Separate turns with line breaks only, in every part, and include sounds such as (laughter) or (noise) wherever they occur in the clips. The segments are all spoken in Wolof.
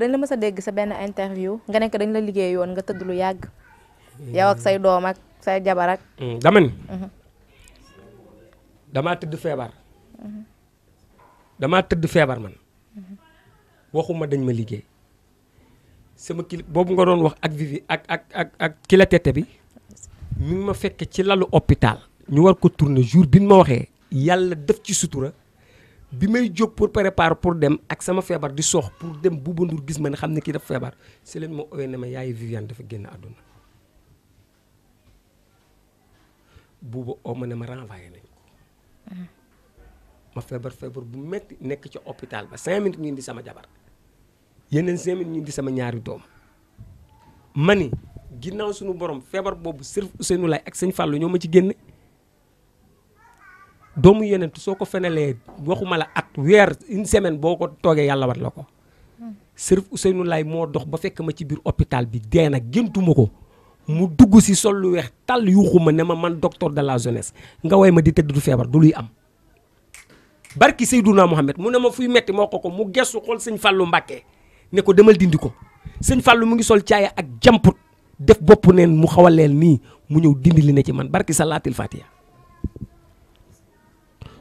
dañ la mës a dégg sa benn interview nga nekk dañ la liggéeyoon nga tëdd lu yàgg. yow ak say doom ak say jabar ak. Mm, dama mhm. tëdd feebar. damaa tëdd feebar man. Mhm. waxuma dañ ma liggéey. sama kil boobu nga doon wax ak ak ak ak ak ki la tete bi. mi ma fekk ci lalu hôpital. ñu war ko tourner jour bi ma waxee. yàlla def ci sutura. bi may jóg pour préparer pour dem ak sama feebar di soox pour dem bu Ndour gis ma ne xam ne kii dafa feebar si leen ma ooyee ne ma yaayu Viviane dafa génn àdduna Bouba oo ma ne ma renvoyé nañ mm-hmm. ma feebar feebar bu metti nekk ci hôpital ba cinq minutes ñu sama jabar yeneen cinq minutes sama ñaari doom ma ni ginnaaw suñu borom feebar boobu sër Ousseynou Laye ak sëñ Fallou ñoo ma ci génne doomu yeneen soo ko fenelee waxuma la at weer une semaine boo ko toogee yàlla wat la ko. Serif Ousseynou Laye moo dox ba fekk ma ci biir hôpital bi dee nag géntuma ko mu dugg si sol lu weex tàll yuuxu ma ne ma man docteur de la jeunesse nga way ma di tëdd du feebar du luy am. barki Seydouna Mohamed mu ne ma fuy metti moo ko ko mu gestu xool sëñ fallu Mbacké ne ko demal dindi ko sëñ fallu mu ngi sol caaya ak jamput def bopp neen mu xawaleel nii mu ñëw dindi ne ci man barki salaatil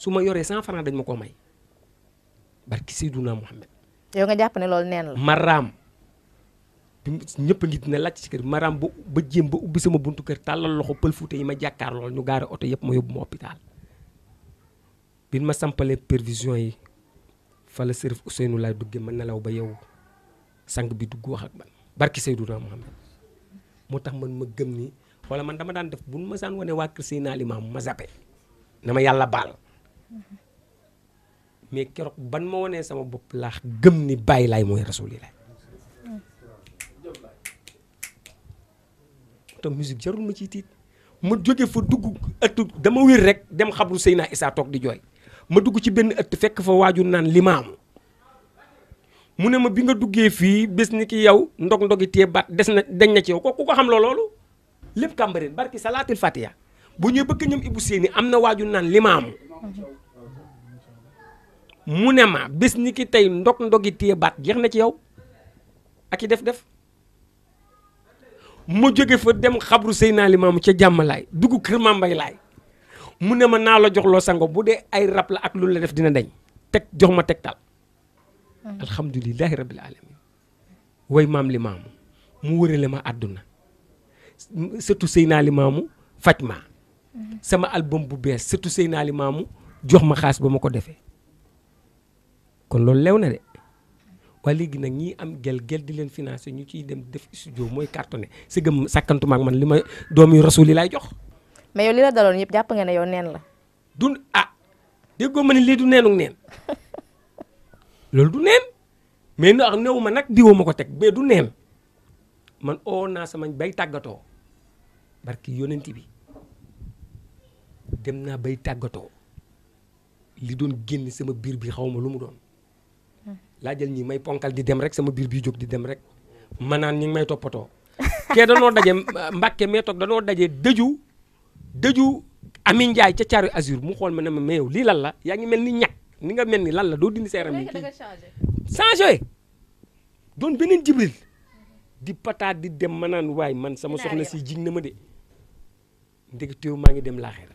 su ma yoree cent franc dañ ma koo may barki Seydunaa Muhammad yow nga jàpp ne loolu neen la. maraam bi ñëpp a ngi dina laaj ci kër maraam ba ba jéem ba ubbi sama buntu kër tàllal loxo pël fuute yi ma jàkkaar lool ñu gaare oto yëpp ma yóbbu ma hôpital bi ma sampalee pervision yi fa la Serif Ousseynou laay duggee ma nelaw ba yow sang bi dugg wax ak man barki Seydunaa Muhammad moo tax man ma gëm ni wala man dama daan def bu ma saan wane waa kër Seydina Limaamu ma zappe na ma yàlla baal. mais keroog ban ma wanee sama bopp laax gëm ni bàyyi laay mooy rasulillah te musique jarul ma ciy tiit ma jóge fa dugg ëtt dama wér rek dem xabru sëy Issa toog di jooy ma dugg ci benn ëtt fekk fa waajur naan limaamu mu ne ma bi nga duggee fii bis ni ki yow ndog-ndogi tee baat des na deñ na ci yow ko ku ko xam la loolu lépp kàmbareen barki salaatul fatiha bu ñuy bëgg ñoom Ibou Seyni am na waaju naan limaamu mu ne ma bés ni ki tey ndog ndogi téye baat jeex na ci yow ak i def-def ma jóge fa dem xabru Seydina Limaamu ca jàmm laay dugg kër Mambay laay mu ne ma naa la jox loo sango bu dee ay rab la ak lu la def dina dañ teg jox ma tegtal hmm. alhamdulilahi rabbil alamin way maam Limaamu mu wërale ma àdduna naa Seydina Limaamu faj ma sama album bu bees surtout Seyna Ali Maamu jox ma xaas ba ma ko defee kon loolu lew na de waaye léegi nag ñi am gel gel di leen financé ñu ciy dem def studio mooy cartonné si gëm sàkkantuma ak man li ma doom yu rasul yi laay jox. mais yow li la daloon yëpp jàpp nga ne yow neen la. du ah déggoo ma ne lii neenu neen (laughs) loolu du neen mais ndax ma nag diwoo ma ko teg mais du neen man oo naa sama bay tàggatoo barki yonent bi. dem na bay tagato li doon genn sama bir bi xawma lu mu doon hmm. la jël ñi may ponkal di dem rek sama bir bi jog di dem rek manan ñi topato (laughs) ke da no dajé mbacké mbàkke tok da no dajé deju deju Amin jaay ca charu azur mu xol manama ne li lan la ya ngi melni ni ni nga melni lan la do dindi seeram ni changé doon benen jibril di pataat di dem manan way man sama soxna ya. si jignama de ma de mangi ngi dem laaxira